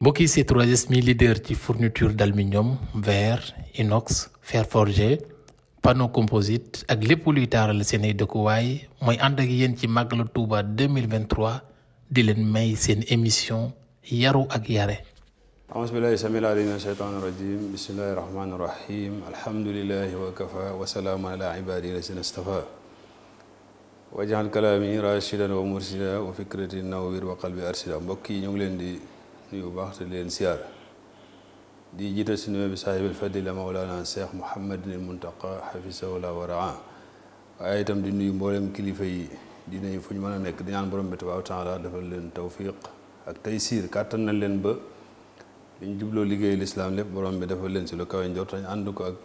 mbokki ci 3S mi leader ci fourniture d'aluminium verre inox fer forgé panneau composite ak lépp luy taaral seen ay dëkkuwaay mooy ànd ak yéen ci màggalu Touba 2023 di leen may seen émission yaru ak yare ahasbillahi samil alim min asheytaan irajim bismillahi rahmani irahim alhamdulilahi ala ibadi lasina stafa kalaami rashidan wa mursida wa fikrati nawwir wa qalbi arsida mbokk yi ñu ngi leen di nuyu bu baax te leen siyaar di jiital si nuyoo bi saahibul fadila mawlaana cheikh Mouhamadinil Muntaqa xafisahu la waraa waaye itam di nuyu mboolem kilifa yi di nuyu fu ñu mën a nekk di ñaan borom bi tabaaraka taala defal leen tawfiq ak taysiir kàttan na leen ba ñu jubloo liggéeyu lislaam lépp borom bi defal leen si lu kawe njort ñu ànd ko ak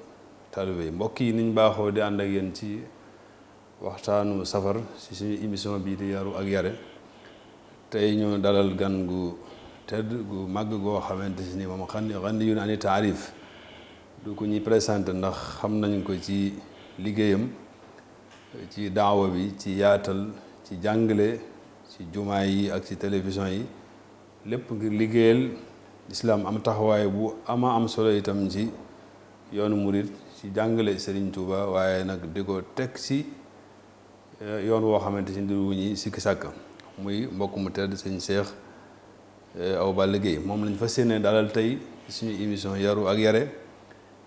taalibe yi mbokk yi niñ baaxoo di ànd ak yéen ci waxtaanu safar si suñu émission bii di yaru ak yare tey ñu dalal tëdd gu màgg goo xamante si ni moom xam ne xam ne yu naan taarif du ko ñuy présenté ndax xam nañ ko ci liggéeyam ci daawa bi ci yaatal ci jàngale ci jumaa yi ak ci télévision yi lépp ngir liggéeyal islaam am taxawaay bu ama am solo itam ci yoonu murit ci jàngale Serigne Touba waaye nag di ko teg ci eh, yoon woo xamante si ni du sàkk muy mbokk mu tedd sëñ Seex Euh, aw ba liggéey moom lañ fa yéene dalal tey suñu émission yaru ak yare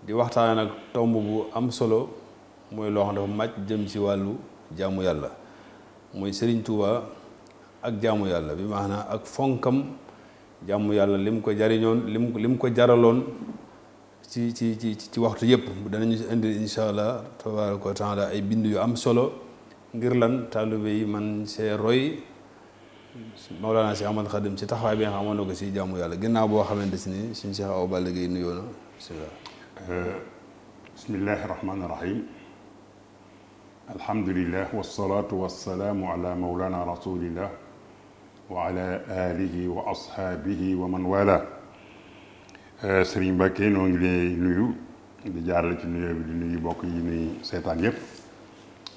di waxtaane nag tomb bu am solo mooy loo xam dafa jëm ci wàllu jaamu yàlla mooy sëriñ Touba ak jàmm yàlla bi maanaam ak fonkam jaamu yàlla lim ko jariñoon lim lim ko jaraloon ci ci ci ci waxtu yëpp danañu si indi incha allah tabaaraka wa ay bind yu am solo ngir lan taalibe yi man see roy Mawlana Cheikh Ahmad Khadim ci taxawaay bi nga xam amoon ko si jàmmu yàlla ginnaaw boo xamante si ni suñ Cheikh Awa Balla Gaye nuyoo na bismillahi rahmaani rahim alhamdulillah wasalaatu wasalaamu wa ashaabihi wa man wala Sëriñ Mbàkke noo ngi lay nuyu di jaarale ci bi nuyu bokk yi nuy seetaan yëpp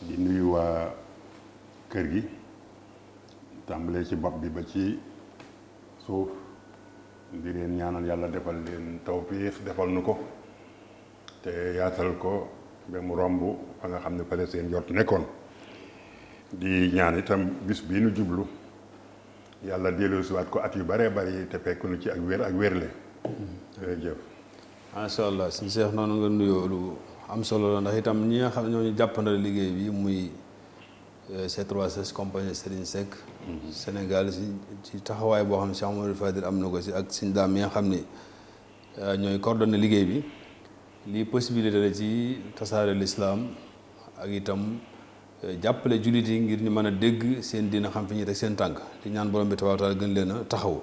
di nuyu waa kër gi tàmbalee ci bopp bi ba ci suuf di leen ñaanal yàlla defal leen tawfiix defal nu ko te yaatal ko ba mu romb fa nga xam ne fële seen jot nekkoon di ñaan itam bis bii nu jublu yàlla delloosiwaat ko at yu bare bari te fekk nu ci ak wér ak wérle jërëjëf macha allah si Cheikh noonu nga nuyoo lu am solo la ndax itam ñi nga xam ne ñoo ñu jàppandal liggéey bi muy euh, C3S compagnie Serigne Seck Sénégal si ci taxawaay boo xam ne Cheikh Mouhamadou Fadil am na ko si ak suñ daam yi nga xam ne euh, ñooy coordonné liggéey bi lii possibilité la ci tasaare lislaam ak itam euh, jàppale jullit yi ngir ñu mën a dégg seen dina xam fi ñuy teg seen tànk di ñaan borom bi tabaaraka taala gën leen a taxaw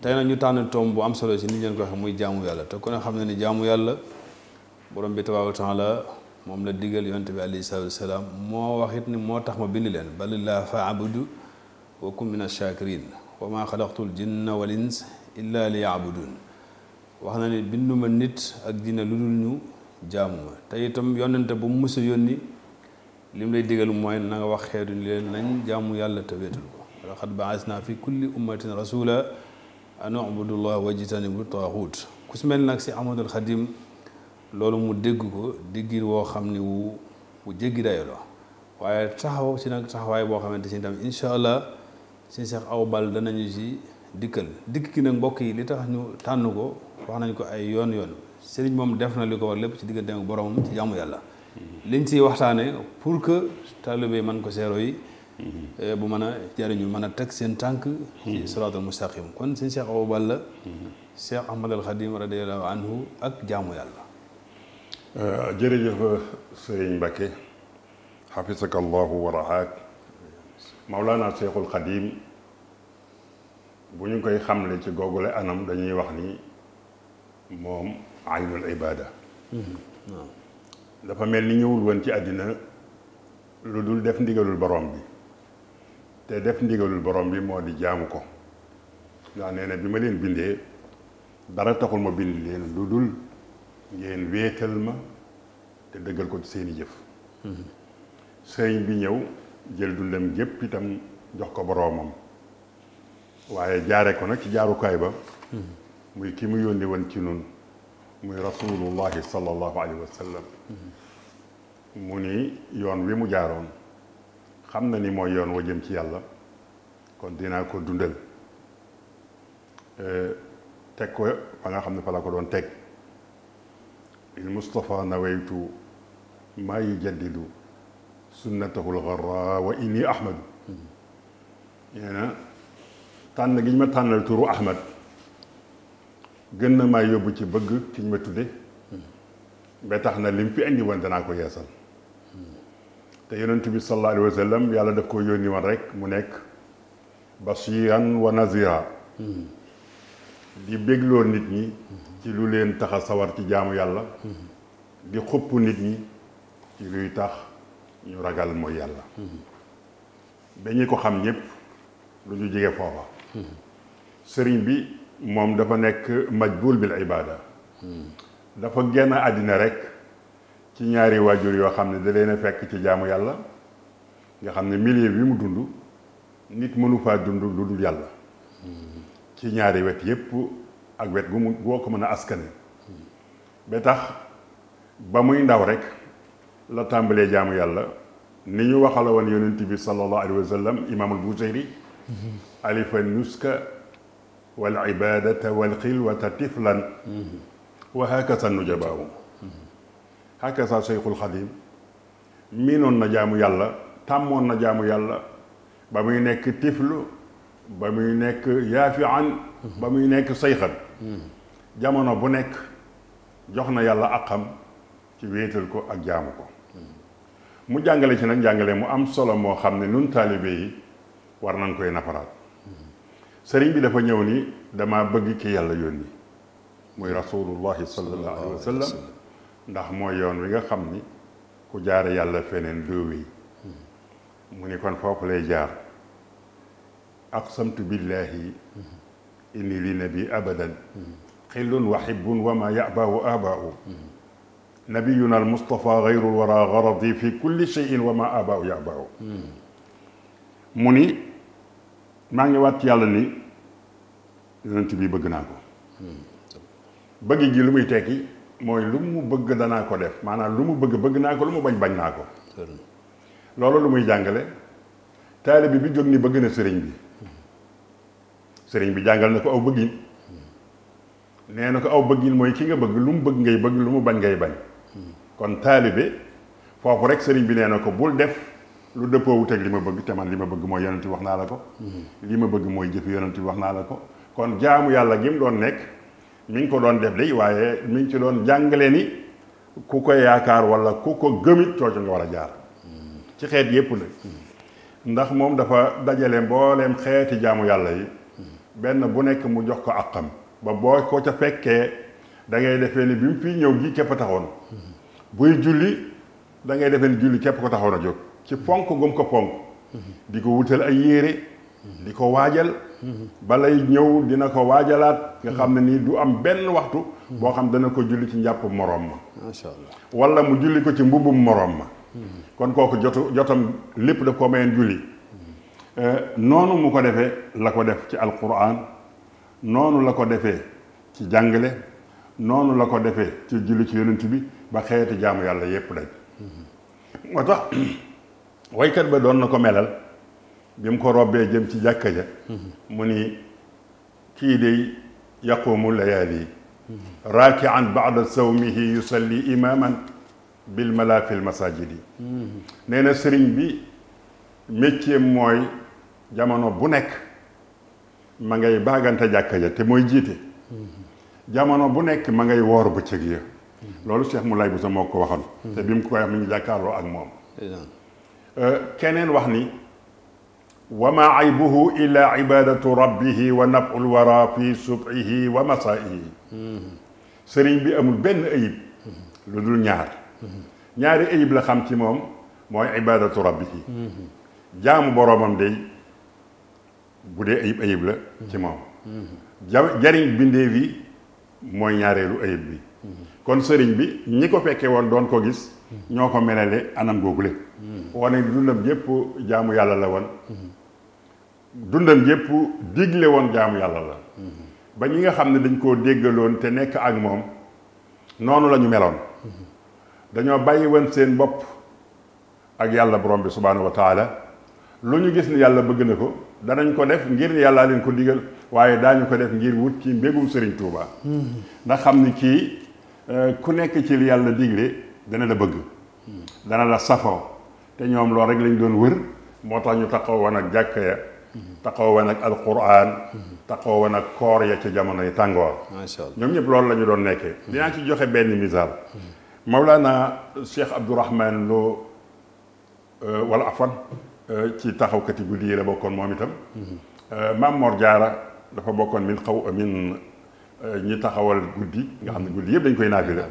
tey nag ñu tànn tomb bu am solo si ni ñu leen ko waxee muy jaamu yàlla te ko ne xam ne ni jaamu yàlla borom bi tabaaraka taala moom la digal yonte bi alayhi salaatu wasalaam moo wax tax ma bind leen wa kun min ash-shakirin wa ma xalaqtul jinna wal ins illa li yaabudun wax na ne ma nit ak jinne lu dul ñu jaamu ma te itam yonente bu mu mësa yónni lim lay digal mooy na wax xeetu ni leen nañ jàmm yàlla te wéetul ko laqad baasna fi kulli ummatin rasula an ubudullah wajtanibu taaxuut ku si mel nag si Ahmadul Xadim loolu mu dégg ko diggir woo xam ni wu wu jéggi la waaye taxaw si nag taxawaay boo xamante si tam incha allah si aw Awa Balla danañu si dikkal dikk ki nag mbokk yi li tax ñu tànn ko wax nañ ko ay yoon yoon sëriñ moom def na li ko war lépp ci diggante ak boromam ci jaamu yàlla liñ siy waxtaane pour que taalibe man ko seero yi eh, bu mën a jariñu mën a teg seen tànk ci siraatul mustaqim kon sëñ Cheikh Awa Balla Cheikh Ahmad al Khadim radiyallahu anhu ak jaamu yàlla eh, jërëjëf sëriñ Mbacke xafisaka allahu wa Mawlana Cheikhul Khadim bu ñu koy xamle ci googule anam dañuy wax ni moom aynul ibada mm-hmm. dafa mel ni ñëwul woon ci àddina lu dul def ndigalul borom bi te def ndigalul borom bi moo di jaamu ko ndax nee na bi ma leen bindee dara taxul ma bind leen lu dul ngeen wéetal ma te dëggal ko ci seeni jëf mm-hmm. sëriñ bi ñëw jël dundam gépp itam jox ko boroomam waaye jaare ko nag ci jaarukaay ba muy ki mu yónni woon ci nun muy rasulullahi sallallahu alayhi wa sallam mu ni yoon wi mu jaaroon xam na ni mooy yoon wa jëm ci yàlla kon dinaa ko dundal teg ko fa nga xam ne fa la ko doon teg il Mustafa nawaytu maa yujaddidu sunnatahu lgarra wa inni ahmadu nee na tànn gi ñu ma tànnal turu ahmad gën na maa yóbbu ci bëgg ki ma tudde ba tax na lim fi indi woon danaa ko yeesal te yonent bi sallallahu alayhi wa sallam yàlla daf ko yónni wan rek mu nekk bashiran wa nazira di bégloo nit ñi ci lu leen tax a sawar ci jaamu yàlla di xupp nit ñi ci luy tax ñu ragal mooy yàlla ba ñi ko xam ñépp lu ñu jege foofa sëriñ bi moom dafa nekk majbul bil ibada dafa genn àddina rek ci ñaari waajur yoo xam ne da leen a fekk ci jaamu yàlla nga xam ne milieu bi mu dund nit mënu faa dund lu dul yàlla ci ñaari wet yépp ak wet gu mu boo ko mën a askane ba tax ba muy ndaw rekk la tàmbalee jaamu yàlla ni ñu waxala woon yonent bi sallallahu alayhi wa sallam imaamul Buseyri alifa nuska wal ibadata wal xilwata tiflan wa hakasa miinoon na jaamu yàlla tàmmoon na jaamu yàlla ba muy nekk tiflu ba muy nekk yaafian ba muy nekk sayxan jamono bu nekk jox na yàlla aqam ci wéetal ko ak jaamu ko mu jàngale ci nag jàngale mu am solo moo xam ne nun taalibe yi war nañ koy nafaraat sëriñ bi dafa ñëw nii dama bëgg ki yàlla yónni muy rasulullahi sallallahu wa sallam ndax mooy yoon wi nga xam ni ku jaare yàlla feneen doo wéy mu ni kon foofu lay jaar aqsamtu billahi inni li nabi abadan xillun wa hibbun wa ma abaawu nabiyuna al mustafa gayrul wara garadi fi kulli cheyin wa ma abaaw ya abaaw mu ni maa ngi wàcc yàlla ni yonent bi bëgg naa ko bëgg gi lu muy tekki mooy lu mu bëgg danaa ko def maanaam lu mu bëgg bëgg naa ko lu mu bañ bañ naa ko loolu lu muy jàngale taalibe bi jóg ni bëgg na sëriñ bi sëriñ bi jàngal na ko aw bëggin nee na ko aw bëggin mooy ki nga bëgg lu mu bëgg ngay bëgg lu mu bañ ngay bañ kon taalibe foofu rek sëriñ bi nee na ko bul def lu dëppoo wut ak li ma bëgg te man li ma bëgg mooy yonent bi wax naa la ko li ma bëgg mooy jëf yonent bi wax naa la ko kon jaamu yàlla gi mu doon nekk mi ko doon def waaye mi ngi ci doon jàngale ni ku ko yaakaar wala ku ko gëmit cooco war a jaar ci xeet yépp ndax moom dafa dajale mbooleem xeeti jaamu yàlla yi benn bu nekk mu jox ko àqam ba boo ko ca fekkee dangay ngay defee ni bi mu fii ñëw gi képp taxoon buy julli da ngay defee ni julli képp ko taxaw na jóg ci ponk gum ko ponk di ko wutal ay yére di ko waajal balay ñëw dina ko waajalaat nga xam ne nii du am benn waxtu boo xam dana ko julli ci njàpp moroom ma masha Allah wala mu julli ko ci mbubbum moroom ma kon kooku jotu jotam lépp daf ko mayeen julli eh, noonu mu ko defee la ko def ci alquran noonu la ko defee ci jàngale noonu la ko defee ci julli ci yonent bi ba xeeti jaamu yàlla yépp dañ moo waykat ba doon na ko melal bi mu ko robbee jëm ci jàkka ja mu ni kii day yaqumu layaali raakian baada sawmihi yusalli imaman bil malaafil masajid yi nee na sëriñ bi métier mooy jamono bu nekk ma ngay baagante jàkka ja te mooy jiite jamono bu nekk ma ngay woor bëccëg ya loolu Cheikh Moulay Bousso moo ko waxoon. Hmm. te bi mu ko wax mi ngi jàkkaarloo ak moom. Euh, keneen wax ni. wa ma aybuhu illa ibadatu rabbihi wa nabul wara fi subhihi wa masaihi hmm. sëriñ bi amul benn ayib hmm. lu dul ñaar ñaari ayib la xam ci moom mooy ibadatu rabbihi jaamu boroomam day bu dee ayib ayib la ci moom jariñ bindeef yi mooy ñaareelu ayib bi kon sëriñ bi ñi ko fekkee woon doon ko gis hmm. ñoo ko melale anam googule hmm. wane dundam yépp jaamu yàlla la woon hmm. dundam yépp digle woon jaamu yàlla la ba ñi nga xam ne dañ koo déggaloon te nekk ak moom noonu la ñu meloon dañoo bàyyi woon seen bopp ak yàlla borom bi subhaanahu wa taala lu ñu gis ni yàlla bëgg na ko danañ ko def ngir yàllaa leen ko digal waaye daañu ko def ngir wut ci mbégum sëriñ Touba. ndax xam ni kii Euh, ku nekk ci li yàlla digle dana la bëgg dana la safo te ñoom lool rek lañ doon wër moo tax ñu taxawoon ak jàkka ya taxawoon ak alquran taxawoon ak koor ya ca jamono yi tàngoor ñoom ñëpp loolu la doon nekkee dinaa ci joxe benn misaal Mawlana Cheikh Abdourahman Lo euh, wala afan euh, ci taxawkati guddi yi la bokkoon moom itam Maam Mor Jaara dafa bokkoon min xaw min ñi taxawal guddi nga xam ne guddi yëpp dañ koy naafila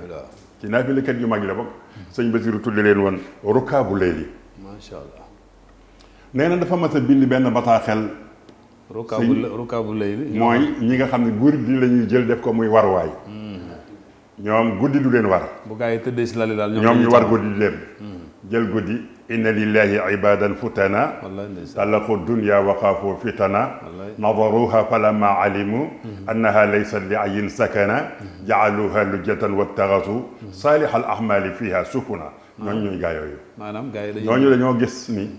ci naafilakat yu mag la bokk sëñ Basiru tudde leen woon rukaabu leyli macha allah nee na dafa mas a bind benn bataaxel rukaabu leyli mooy ñi nga xam ne guddi la ñuy jël def ko muy waruwaay hmm. ñoom guddi du leen war bu gaa yi tëddee si lali daal ñoom ñu war guddi du leen hmm. jël guddi inna lillahi ibadan futana talaqu dunya wa xaafu fitana nadaruha falamma alimu annaha laysat li ayin sakana jaaluha lujjatan wattaxasu saalih al ahmali fiha sufuna ñooñu ñooy gaa yooyu maanaam gaa yi ñooñu dañoo gis ni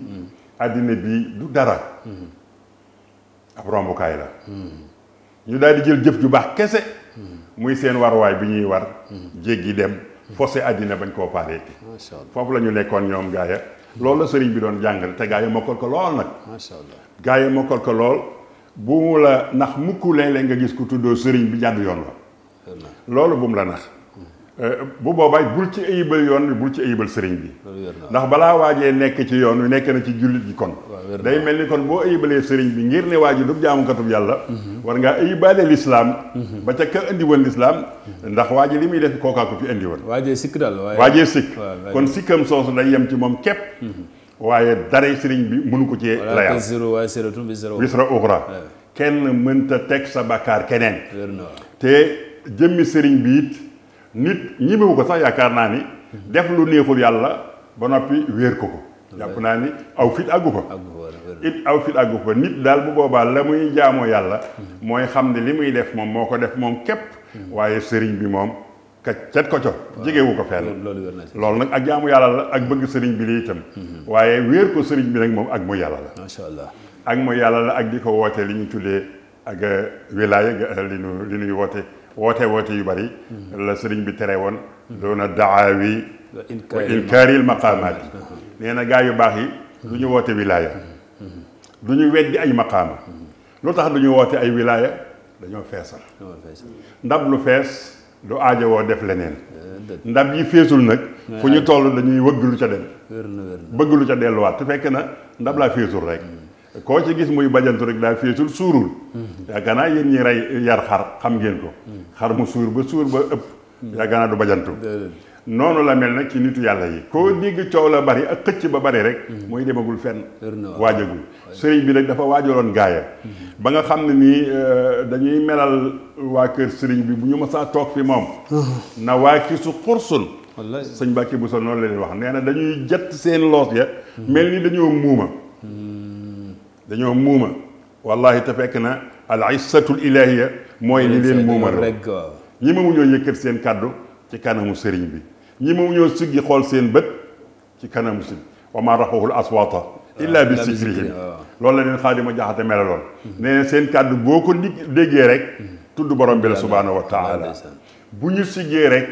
àddina hmm. bi du dara hmm. ab rombukaay la ñu daal di jël jëf ju baax kese hmm. muy seen warwaay bi ñuy war jéggi dem fossé àddina bañ koo paareeti foofu la ñu nekkoon ñoom gaaya loolu la sëriñ bi doon jàngale te gaa yi mokkal ko lool nag. macha allah gaa yi mokkal ko lool bu mu la nax mukk léeg-léeg nga gis ku tuddoo sëriñ bi jàdd yoon la. loolu bu mu la nax. Eh, bu boobaa bul ci ayibal yoon bi bul ci ayibal sëriñ bi ndax balaa waajee nekk ci yoon wi nekk na ci jullit gi kon day mel ni kon boo ayibalee sëriñ bi ngir ne waa ji du jaamukatub yàlla mhm. war ngaa ayibalee lislaam mhm. ba ca ka indi woon lislaam mhm. ndax waa ji li muy def kookaa ko fi indi woon waajee sikk daal waajee sikk kon sikkam soosu day yem ci moom képp waaye dara sëriñ bi mënu ko ci layal wisra uxra kenn mënta teg sa bàkkaar keneen te jëmmi sëriñ bi it nit ñimewu ko sax yaakaar naa ni def lu neexul yàlla ba noppi wéer ko ko jàpp naa ni aw fit àggu ko it aw fit àggu fa nit daal bu boobaa la muy jaamoo yàlla mooy xam ne li muy def moom moo ko def moom képp waaye sëriñ bi moom ka cet ko co jegewu ko fenn loolu nag ak jaamu yàlla la ak bëgg sëriñ bi li itam mm-hmm. waaye wéer ko sëriñ bi nag moom ak mu yàlla la allah ak mooy yàlla la ak di ko woote li ñu tuddee ak euh, wilaaya li ñu woote woote woote yu bari la sëriñ bi tere woon doona daawi wa inkaaril maqaamaat yi na gaa yu baax yi du ñu woote wilaaya du ñu weddi ay maqaama lu tax du ñu woote ay wilaaya dañoo feesal ndab lu fees du aajowoo def leneen eh, ndab yi feesul nag fu ñu eh. toll dañuy wëgg lu ca dem bëgg lu ca delluwaat te fekk na ndab laa feesul rek koo ci gis muy bajantu rek daa féetul suurul yaakaar naa yéen ñi rey yar xar xam ngeen ko xar mu suur ba suur ba ëpp yaakaar naa du bajantu noonu la mel nag ci nitu yàlla yi koo dégg coow la bari ak xëcc ba bari rek mm-hmm. mooy demagul fen waajagul sëriñ bi nag dafa waajaloon gaaya mm-hmm. ba nga xam ne nii euh, dañuy melal waa kër sëriñ bi bu ñu mësaa toog fi moom mm-hmm. na waa su kisu xursul sëñ Bàkki bu so noonu la leen wax nee na dañuy jett seen loos ya mel ni dañoo muuma dañoo muuma wallahi te fekk na al issatul ilahiya mooy li leen muumal ñi ma ñoo yëkkat seen kàddu ci kanamu sëriñ bi ñi ma ñoo siggi xool seen bët ci kanamu sëriñ wa ma rafaxul aswaata illa bi sikrihim loolu la leen xaadima jaxate melaloon nee na seen kàddu boo ko déggee rek tudd borom bi la subhaanahu wa taala bu ñu siggee rek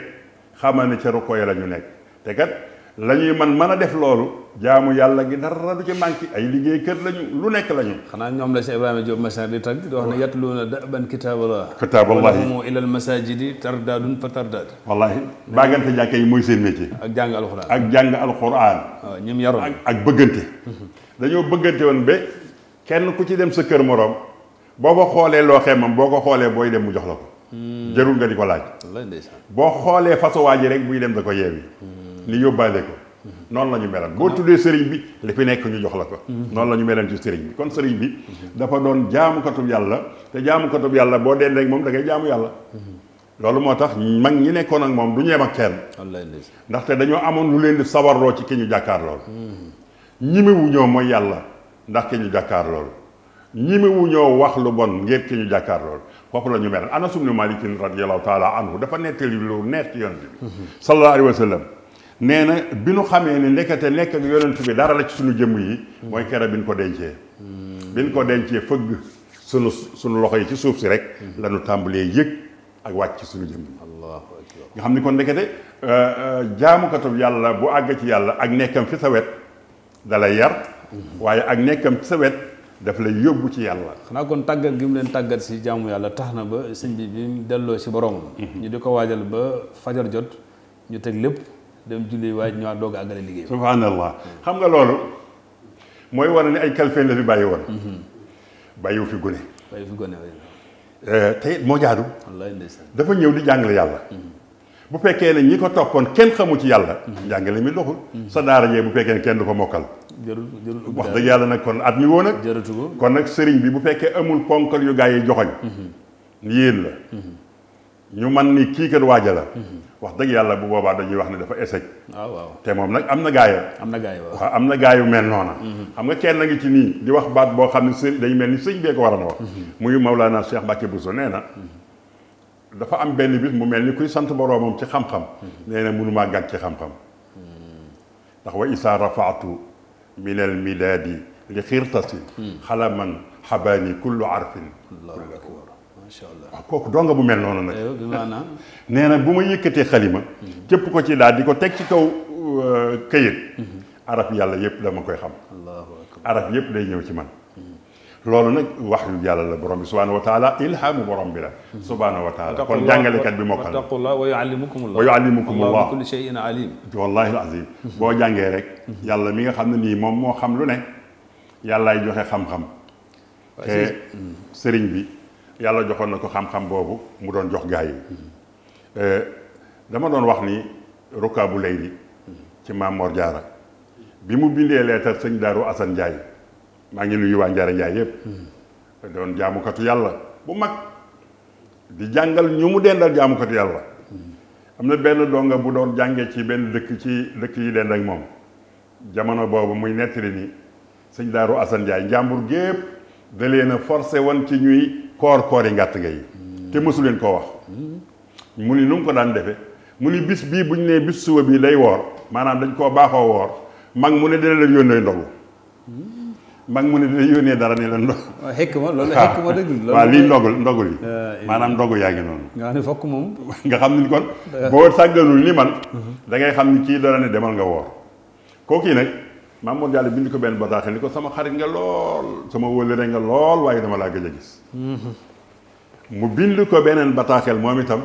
xamal ne ca rukkoo ya la ñu nekk te kat la ñuy man mën a def loolu jaamu yàlla gi dara lu ci manqué ay liggéey kër lañu lu nekk lañu xanaa ñoom la Cheikh Ibrahima Diop Massar di tagg di wax ne yatluuna daban kitaaballah kitaaballahi moo ilal masajidi tardaadun fa tardaad wallaahi baagante jàkke yi mooy seen métier ak jàng alxuraan ak jàng alxuraan waaw ñim yaroon ak bëggante dañoo bëggante woon ba kenn ku ci dem sa kër moroom boo ko xoolee loo xemam boo ko xoolee booy dem mu jox la ko hmm. jarul nga di ko laaj boo xoolee façon waa ji rek buy dem da ko yeewi hmm. li yóbbaale ko noonu la ñu meloon boo tuddee sëriñ bi li fi nekk ñu jox la ko noonu la ñu meloon ci sëriñ bi kon sëriñ bi dafa doon jaamukatub yàlla te jaamukatub yàlla boo dee rek moom da ngay jaamu yàlla loolu moo tax mag ñi nekkoon ak moom du ñeem ak kenn ndaxte dañoo amoon lu leen di sawarloo ci ki ñu jàkkaar loolu ñimiwu ñoo mooy yàlla ndax ki ñu jàkkaar loolu ñimiwu ñoo wax lu bon ngir ki ñu jàkkaar loolu foofu la ñu meloon Anas ibnu Maalik radiyallahu taala anhu dafa nettali lu neex ci yonent bi mhm. sallallahu alayhi wa sallam nee na bi nu xamee ni ndekete nekk ak yonent bi dara la ci suñu jëmm yi mooy keroog bi ñu ko dencee bi ñu ko dencee fëgg sunu suñu loxo yi ci suuf si rek la ñu tàmbalee yëg ak wàcc ci suñu jëmm yi nga xam ni kon ndekete euh, euh, jaamukatub yàlla bu àgg ci yàlla ak nekkam fi sa wet dalay yar waaye ak nekkam fi sa wet yóbbu ci yàlla xanaa kon tàggat gi mu leen tàggat si jaamu yàlla tax na ba sëñ bi bi mu delloo si boroomam mhm. ñu di ko waajal ba fajar jot ñu teg lépp dem julli waaye ñëwaat doog a àggale liggéey subhanallah xam nga loolu mooy war ne ay kalfeen la fi bàyyi woon mhm. bàyyiwu fi gone bàyyiwu fi gone eh, te it moo jaadu dafa ñëw di jàngale yàlla mhm. bu fekkee na ñi ko toppoon kenn xamu ci yàlla mhm. njàngale mi doxul sa daara jee bu fekkee ne kenn du ko mokkal wax dëgg yàlla nag kon at mi woon ak kon nag sëriñ bi bu fekkee amul ponkal yu gaa yi joxoñ yéen la ñu man ni kii kat waaja la wax dëgg yàlla bu boobaa dañuy wax ne dafa échec. waaw ah, waaw te moom nag am na gaayo am na gaayo waaw am na gaayu mel noona mhm. xam nga kenn ngi ci nii di wax baat boo xam ne sëñ day mel ni sëñ bee ko waroon a wax. Mhm. muy Maulana Cheikh Mbacke Bousso nee na. Mhm. dafa am benn bis mu mel ni kuy sant boroomam ci xam-xam. nee na mënumaa gàgg ci xam-xam. ndax wa isa rafaatu min al midaadi li xirtasi xalaman xabaani kullu arfin. macha allah waaw ah, kooku bu mel noonu nag. Eh, nee na bu ma yëkkatee xalima. Mhm. képp ko ci daal di ko teg ci kaw euh, kayit mhm. arab yàlla yëpp dama koy xam. arab yëpp day ñëw ci man. Mhm. loolu nag wax yu yàlla la borom bi subhaanahu wa taala ilhamu borom bi la. subhaanahu wa kon jàngalekat bi mokkal la wattaqullah wa yuallimukumullah wa yuallimukumullah bi jàngee rek. yàlla mi nga xam ne nii moom moo xam lu ne. yàllaay joxe xam-xam. sëriñ bi. yàlla joxoon na ko xam-xam boobu mu doon jox gaa yi euh, dama doon wax ni Rukaabu Leyli ci maam Jaara bi mu bindee leetar sëñ Daaru Asan Njaay maa ngi nuyu waa Njaara Njaay yépp doon jaamukatu yàlla bu mag di jàngal ñu mu dendal jaamukatu yàlla am na benn donga bu doon jàngee ci benn dëkk ci dëkk yi dend ak moom jamono boobu muy nettali ni sëñ Daaru Asan Njaay njàmbur gépp da leen a forcé ci ñuy koor koor yi ngàtt nga yi te mësu leen koo wax mu ni nu mu ko daan defe mu ni bis bii bu ñu nee bis suba bii lay woor maanaam dañ koo baaxoo woor mag mu ne dina la yónnee ndogu mu ne dina yónnee dara ne ah. la ndog xekma loolu xekma lii ndogul ndogul yi maanaam ndogu yaa ngi noonu nga xam ne fokk nga xam ni kon boo sàgganul ni man mhm. da ngay xam ni kii dara ne demal nga woor kooku nag maam Mor Diallo bind ko benn bataaxel ni ko sama xarit nga lool sama wëllëre nga lool waaye dama laa gëj a gis. Mm-hmm. mu bind ko beneen bataaxel moom itam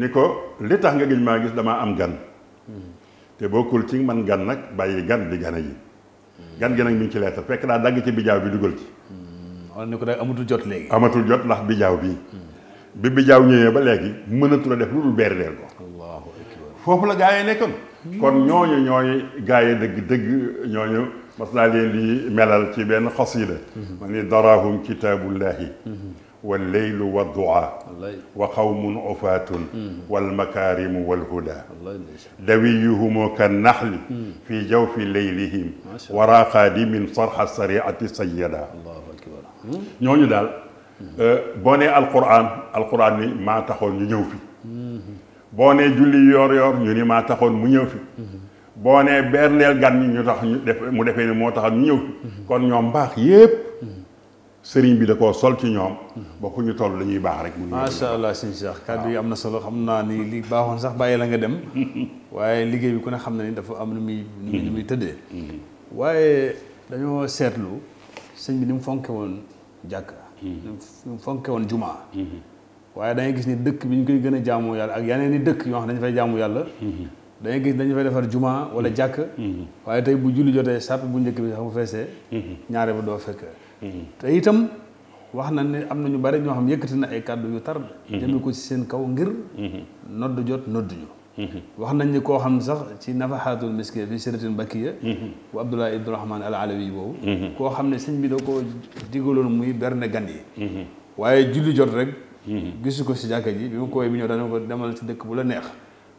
ni ko li tax nga gëj maa gis damaa am gan. Mm-hmm. te bokkul ci man gan nag bàyyi gan di gane yi. Mm-hmm. gan gi nag mi ngi ci leetal fekk daa dagg ci bijaaw bi dugal ci. wala ni ko nag amatul jot léegi. amatul jot ndax bijaaw bii. bi bijaaw ñëwee ba léegi mënatul a def lu dul beer leer ko. foofu la gaa yi nekkoon. kon ñooñu ñooy gaa yi dëgg dëgg ñooñu mas naa leen di melal ci benn xasida ma ni darahum kitaabullahi wal leylu wa duaa wa qawmun ufaatun mm-hmm. wal makaarimu wal hudaa dawiyuhumu kan naxli mm-hmm. fi jawfi leylihim waraa qaadimin sarxa sariati sayada ñooñu daal mm-hmm. euh, boo nee alquran alquran ni maa taxoon ñu ñëw fi boo nee julli yoor yor ñu ni maa taxoon mu ñëw fi boo nee berndeel gan ñi ñu tax ñu def mu defee ni moo tax ñu ñëw fi kon ñoom baax yépp sëriñ bi da koo sol ci ñoom ba ku ñu toll dañuy baax rek macha allah sëñ Cheikh kàddu yi am na solo xam naa ni li baaxoon sax bàyyi la nga dem waaye liggéey bi ku ne xam na ni dafa am nu muy lu muy tëddee waaye dañoo seetlu sëñ bi ni mu fonke woon jàkk ni mu fonke woon jumaa waaye da gis ni dëkk bi ñu koy gën a jaamu yàlla ak yeneen i dëkk yoo xam dañu fay jaamu yàlla mm-hmm. da gis dañu fay defar juma wala mm-hmm. jàkk mm-hmm. waaye tey bu julli jotee sàpp bu njëkk bi sax bu feesee ñaare ba doo fekk te itam wax na ne am na ñu bari ñoo xam yëkkati na ay kàddu yu tar jëme ko ci seen kaw ngir nodd jot nodd ñu wax nañ ni koo xam sax ci nafaxaatul miskiya fi siratin bakiya bu Abdoulaye Ibnu Rahmaan al Alawi boobu koo xam ne sëñ bi da ko digaloon muy berne gan gisu ko si jàkka ji bi ma ko woowee bi ñëw dana ko demal ci dëkk bu la neex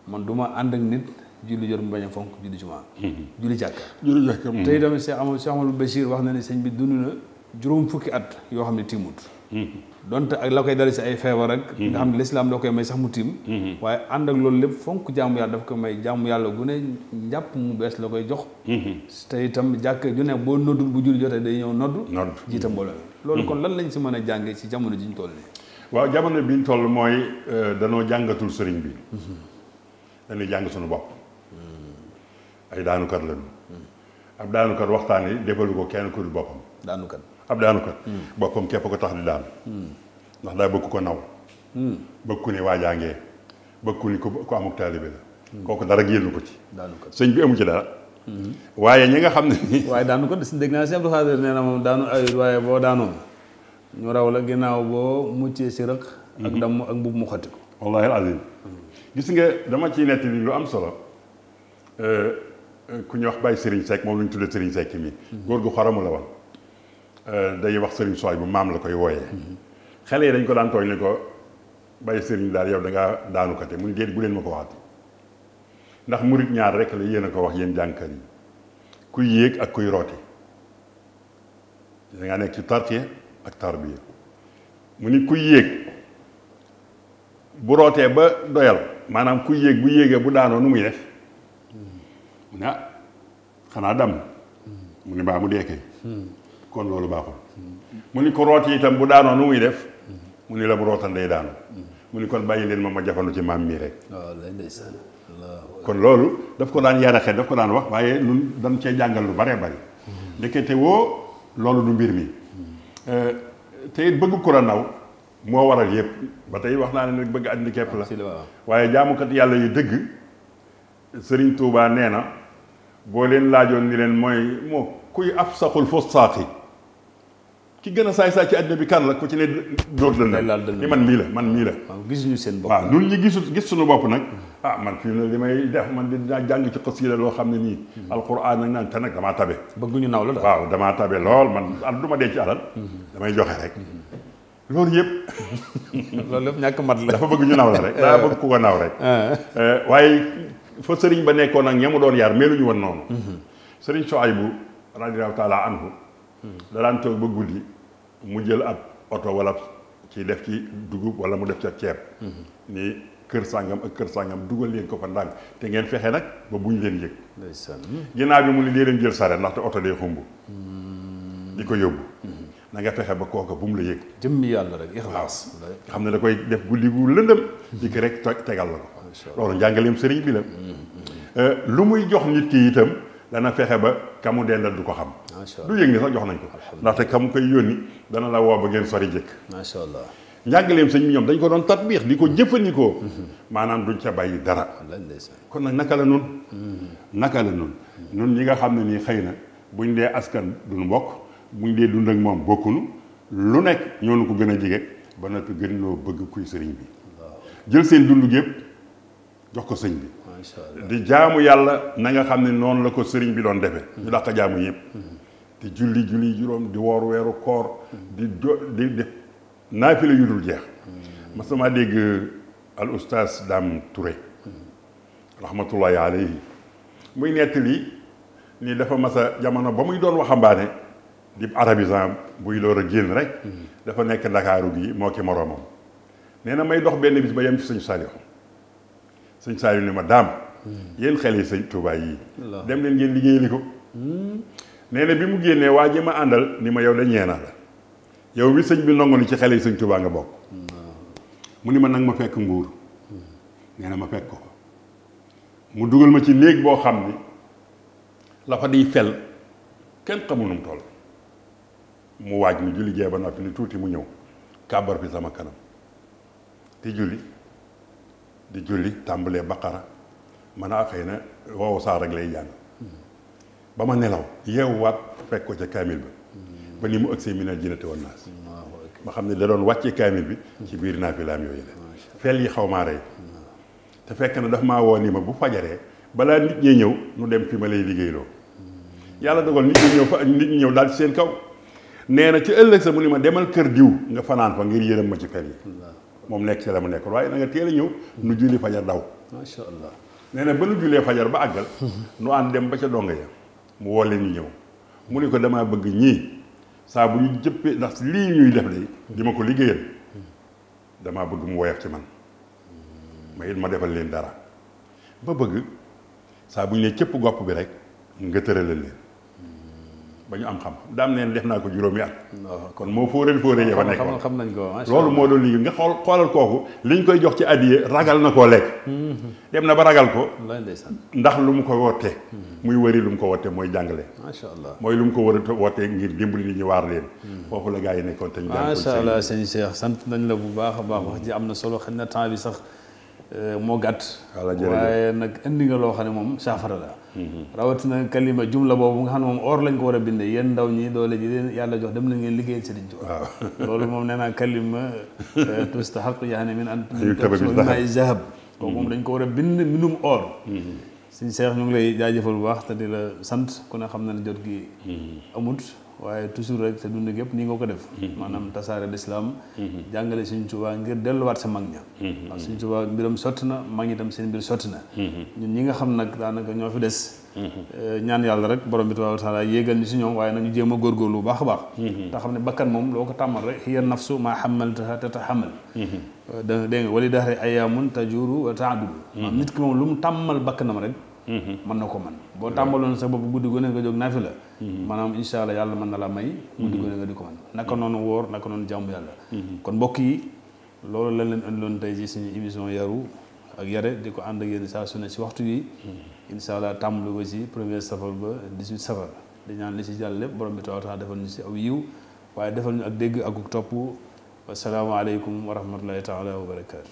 man du ma ànd ak nit julli jot mu bañ a fonk julli jumaa julli jàkka julli jàkka te itam Cheikh Amadou Cheikh Amadou Bachir wax na ne sëñ bi dund na juróom fukki at yoo xam ne tiimut donte ak la koy dale si ay feebar ak nga xam lislaam doo koy may sax mu tiim waaye ànd ak loolu lépp fonk jaamu yàlla daf ko may jaamu yàlla gu njàpp mu bees la koy jox te itam jàkk ju ne boo noddul bu julli jotee day ñëw nodd jiitam mbooloo mm-hmm. loolu kon lan lañ si mën a jànge si jamono ji ñu toll nii waaw jamono bii ñu mooy euh, danoo jàngatul sëriñ bi dañuy jàng suñu bopp ay daanukat lañu ab daanukat waxtaan yi defalu ko kenn ku dul boppam daanukat ab daanukat hmm. boppam képp ko tax di daan hmm. ndax daa bëgg ko naw hmm. bëgg ku ne waajaangee bëgg ku ne ku amuk taalibe la kooku dara génn ko ci daanukat sëñ bi amu ci dara waaye ñi nga xam ne waaye daanukat dégg naa sëñ Abdou Khadir nee na moom daanu ayut waaye boo daanoon ñu raw la ginnaaw boo muccee si rëq ak mhm. damm ak mbubb mu xati ko wallahi alazim mhm. gis nga dama ciy nett li lu am solo euh, euh, ku ñuy wax Baye Serigne Seck moom la ñu tuddee Serigne Seck mi mhm. góor gu xaramu la woon euh, day wax Serigne Soy bu maam la koy wooyee xale yi dañ ko daan tooñ ne ko Baye Serigne daal yow da ngaa daanu kate mu ne déet bu leen ma ko waxaat ndax murit ñaar rek la yéen a ko wax yéen jànkar yi kuy yéeg ak kuy rooti da nekk ci tarqiya ak tarbiya mu ni kuy yéeg bu rootee ba doyal maanaam ku yéeg bu yéegee bu daanoo nu muy def mu xanaa dam mu ni ah, hmm. baa mu deekee hmm. kon loolu baaxul hmm. mu ni ko root yi itam bu daanoo nu muy def mu ni la bu day daanu mu ni kon bàyyi leen ma ma jafandu ci maam mii rek oh, kon loolu daf ko daan yaraxee daf ko daan wax waaye lu dañ cee jàngal lu bare bari ndekete woo loolu du mbir mi Euh, te it bëgg ku la naw moo waral yëpp ba tey wax naa ne nag bëgg handicap la waaye jaamukat yàlla yu dëgg Sëriñ Tuubaa nee na boo leen laajoo ni leen mooy moo kuy af saxul fos saaqi ki gën a saay-saay ci àddina bi kan la ku ci ne dóor dëndal ni man mii la man mii la waaw gisuñu seen bopp waaw ñun ñi gis suñu bopp nag ah man fii ne li may def man dinaa jàng ci xasida loo xam ne nii mhm. alquran nag naan te nag damaa tabe bëgguñu naw la daal waaw damaa tabe lool man al mhm. du ma dee ci alal mhm. damay joxe rek loolu yëpp loolu yëpp ñàkk mat la dafa bëgg ñu naw la rek daa bëgg ku ko naw rek ah. eh, waaye fa sëriñ ba nekkoon ak ña mu doon yar meluñu woon noonu sëriñ Soaybu radiyallahu taala anhu danaan toog ba guddi mu jël ab oto wala ci def ci dugub wala mu def ca ceeb mm-hmm. ni kër sàngam ak kër sàngam dugal leen ko fa ndànk te ngeen fexe nag ba buñ leen yëg ginnaaw bi mu ne dee leen jël sare ndaxte oto dee xumb mm-hmm. di ko yóbbu mm-hmm. na nga fexe ba kooka bu mu la yëg jëmmi yàlla rek ixlaas xam ne da koy def guddi gu lëndëm di ko rek tegal la ko loolu njàngaleem sëriñ bi la euh, lu muy jox nit ki itam dana fexe ba kamu dendal du ko xam du yëg ne sax jox nañ ko ndaxte kam koy yónni dana la woo ba ngeen sori jëkk macha allah njàngaleem sëñ bi ñoom dañ ko doon tatbiix di ko mm-hmm. jëfandikoo mm-hmm. maanaam duñ ca bàyyi dara kon nag naka la nun mm-hmm. naka la nun nun ñi nga xam ne nii xëy na bu buñ dee askan duñu mbokk buñ dee dund ak moom bokkunu lu nekk ñoo nu ko gën a jege ba noppi gën loo bëgg kuy sëriñ bi jël seen dund gépp jox ko sëñ bi di jaamu yàlla na nga xam ne noonu la ko sëriñ bi doon defe ñu daq jaamu yëpp di julli julli juróom di woor weeru koor di jo di def yu dul jeex hmm. mas namaa dégg euh, al oustaz Dame Touré hmm. rahmatullahi alayhi muy nettali nii dafa mas a jamono ba muy doon waxambaane di arabisant buy door a génn rek hmm. dafa nekk ndakaaru gi moo ki moroomam nee na may dox benn bis ba yem ci sëñ Saliou sëñ Saliou ni ma daam yéen xel yi sëñ Touba yi dem leen ngeen liggéeyali ko nee na bi mu génnee waa ji ma àndal ni ma yow de ñee naa la yow bi sëñ bi nongo ni ci xel yi sëñ Tuubaa nga bokk mu ni ma nag ma fekk nguur nee na ma fekk ko mu dugal ma ci néeg boo xam ni la fa di fel kenn xamul mu toll mu waaj mu julli jee ba noppi ni tuuti mu ñëw kàbbar fi sama kanam di julli di julli tàmbalee baqara man a xëy na wow saar rek lay jàng ba ma nelaw yeewuwaat fekk ko ca kaamil ba ba ni mu ëgsee minal jinnati wan naas ma xam ne da doon wàcce kaamil bi ci biir naa fi laam yooyu la fel yi xaw maa rey te fekk na dafa ma woo ni ma bu fajaree balaa nit ñi ñëw nu dem fi ma lay liggéeyloo yàlla dogal nit ñi ñëw fa nit ñëw daal ci seen kaw nee na ci ëllëg sa mu ni ma demal kër diw nga fanaan fa ngir yërëm ma ci fel yi moom nekk ci la mu nekkoon waaye na nga teel a ñëw nu julli fajar daw macha allah nee na ba nu fajar ba àggal nu ànd dem ba ca donga mu woo leen ñëw mu ne ko damaa bëgg ñii saa bu ñu jëppee ndax lii ñuy def day di ma ko liggéeyal damaa bëgg mu woyof ci man ma it ma defal leen dara ba bëgg saa bu ñu ne cëpp gopp bi rek nga tëralal leen ba ñu am xam-xam daam neen def naa ko juróomi at kon moo fóoreel fóoreel fa nekkoon xam nañ ko loolu moo doon liggéey nga xool xoolal kooku liñ koy jox ci addiye ragal na koo lekk mm-hmm. dem na ba ragal ko ndax lu mu ko wotte mm-hmm. muy wëri lu mu ko wotte mooy jàngale macha allah mooy lu mu ko war a wotte ngir dimbali nit ñi waar leen mm-hmm. foofu la gars yi nekkoon te ñu macha allah sëñ Cheikh sant nañ la bu baax a baax wax ji am na solo xam na temps bi sax Euh, moo gàtt. waaye nag indi nga loo xam ne moom saafara la. Mm-hmm. rawatina kalima jumla boobu nga xam ne moom or lañ ko war a bindee yéen ndaw ñi doole yàlla jox dem na ngeen liggéey si Tuubaa. waaw loolu moom nee naa kalima. Euh, tustaxaqu yaani min an. min zahab. kooku moom mm-hmm. dañ ko war a bind mbindum or. suñu mm-hmm. seex ñu ngi lay jaajëfal bu baax te di la sant ku ne xam na ne jot gi amut. waaye toujours rek sa dund gépp nii nga ko def mhm. maanaam tasaare lislaam mhm. jàngale suñ Tuubaa ngir delluwaat sa mag ña waaw mhm. suñ Tuubaa mbiram sotti na mag ñi tam seen mbir sotti na ñun ñi nga xam nag daanaka ñoo fi des eh, ñaan yàlla rek borom bi tabaaraka taala yéegal ni si waaye nañu jéem a góorgóorlu baax a baax te xam ne bakkan moom loo ko tàmmal rek hiya nafsu maa xamaltaha tataxamal da eh, dégg nga wali daxre ayaamun tajuru wa taadul nit ki moom lu mu tàmmal bakkanam rek mën na ko man boo tàmbaloon sa bopp guddi gu ne nga jóg naafi la maanaam incha allah yàlla mën na laa may guddi gu ne nga di ko man naka noonu wóor naka noonu jàmm yàlla kon bokk yi loolu lañ leen andiloon tey ci suñu émission yaru ak yare di ko ànd ak yenn saa su ne ci waxtu wi incha allah tàmbali ko ci premier safar ba 18 safar di ñaan li ci jàll lépp borom bi taala defal nu ci aw yiw waaye defal ñu ak dégg ak topp wasalaamaaleykum wa rahmatullahi taala wa barakaatu